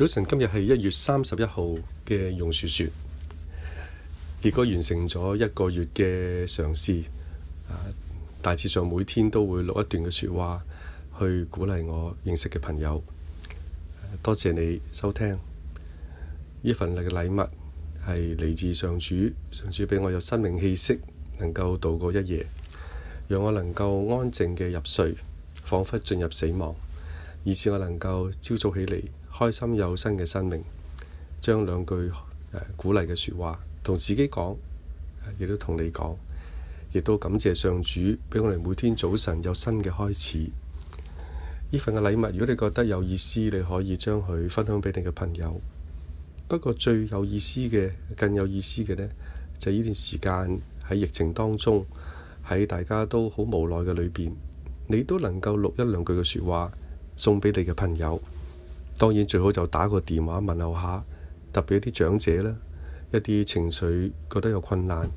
早晨，今日係一月三十一號嘅用樹説，結果完成咗一個月嘅嘗試。大致上每天都會錄一段嘅説話，去鼓勵我認識嘅朋友。多謝你收聽，呢份禮嘅禮物係嚟自上主，上主畀我有生命氣息，能夠度過一夜，讓我能夠安靜嘅入睡，彷彿進入死亡。以至我能夠朝早起嚟，開心有新嘅生命。將兩句、呃、鼓勵嘅説話同自己講，亦都同你講，亦都感謝上主俾我哋每天早晨有新嘅開始。呢份嘅禮物，如果你覺得有意思，你可以將佢分享俾你嘅朋友。不過最有意思嘅，更有意思嘅呢，就係呢段時間喺疫情當中，喺大家都好無奈嘅裏邊，你都能夠錄一兩句嘅説話。送俾你嘅朋友，當然最好就打個電話問候一下，特別啲長者啦，一啲情緒覺得有困難，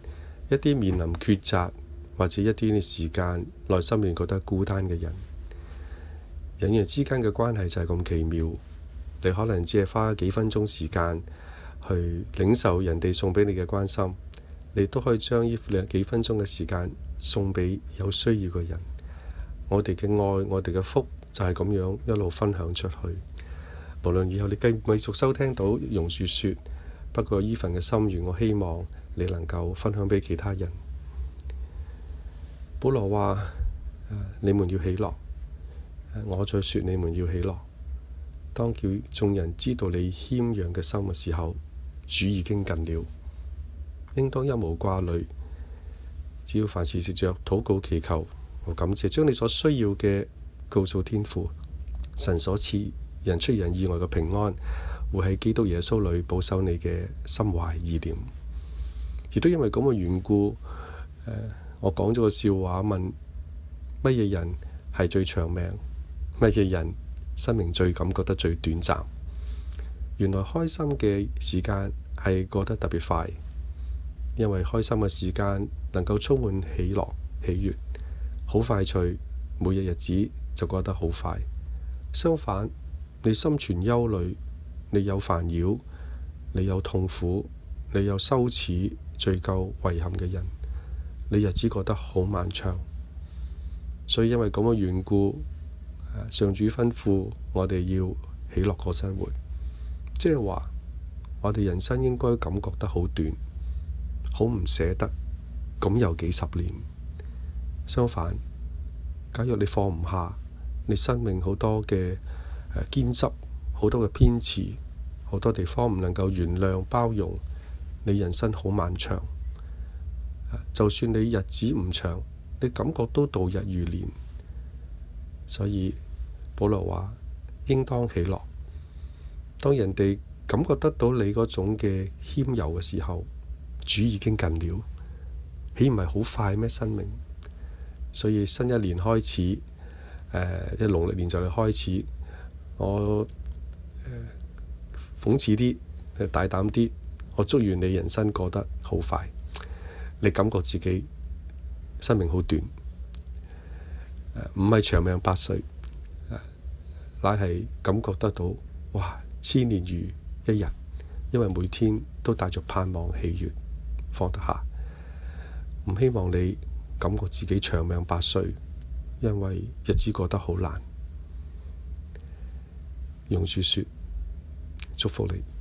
一啲面臨抉擇，或者一啲嘅時間，內心面覺得孤單嘅人，人與人之間嘅關係就係咁奇妙。你可能只係花幾分鐘時間去領受人哋送俾你嘅關心，你都可以將呢兩幾分鐘嘅時間送俾有需要嘅人。我哋嘅愛，我哋嘅福。就係咁樣一路分享出去。無論以後你繼唔繼續收聽到榕樹説，不過依份嘅心願，我希望你能夠分享俾其他人。保羅話：你們要喜樂，我再説你們要喜樂。當叫眾人知道你謙讓嘅心嘅時候，主已經近了。應當一無掛慮，只要凡事藉着禱告祈求和感謝，將你所需要嘅。告訴天父，神所賜人出人意外嘅平安，會喺基督耶穌裏保守你嘅心懷意念。亦都因為咁嘅緣故，呃，我講咗個笑話，問乜嘢人係最長命，乜嘢人生命最感覺得最短暫？原來開心嘅時間係過得特別快，因為開心嘅時間能夠充滿喜樂喜悅，好快趣，每日日子。就覺得好快。相反，你心存憂慮，你有煩擾，你有痛苦，你有羞恥、罪疚、遺憾嘅人，你日子過得好漫長。所以因為咁嘅緣故，上主吩咐我哋要喜樂過生活，即係話我哋人生應該感覺得好短，好唔捨得，咁有幾十年。相反，假若你放唔下。你生命好多嘅誒、偏執，好多嘅偏詞，好多地方唔能夠原諒包容。你人生好漫長，就算你日子唔長，你感覺都度日如年。所以保羅話：應當喜樂。當人哋感覺得到你嗰種嘅謙柔嘅時候，主已經近了，豈唔係好快咩？生命。所以新一年開始。誒，即係、呃、農曆年就嚟開始，我誒、呃、諷刺啲，大膽啲，我祝願你人生過得好快，你感覺自己生命好短，唔、呃、係長命百歲，呃、乃係感覺得到，哇，千年如一日，因為每天都帶着盼望、喜悅，放得下，唔希望你感覺自己長命百歲。因為日子過得好難，榕樹説：祝福你。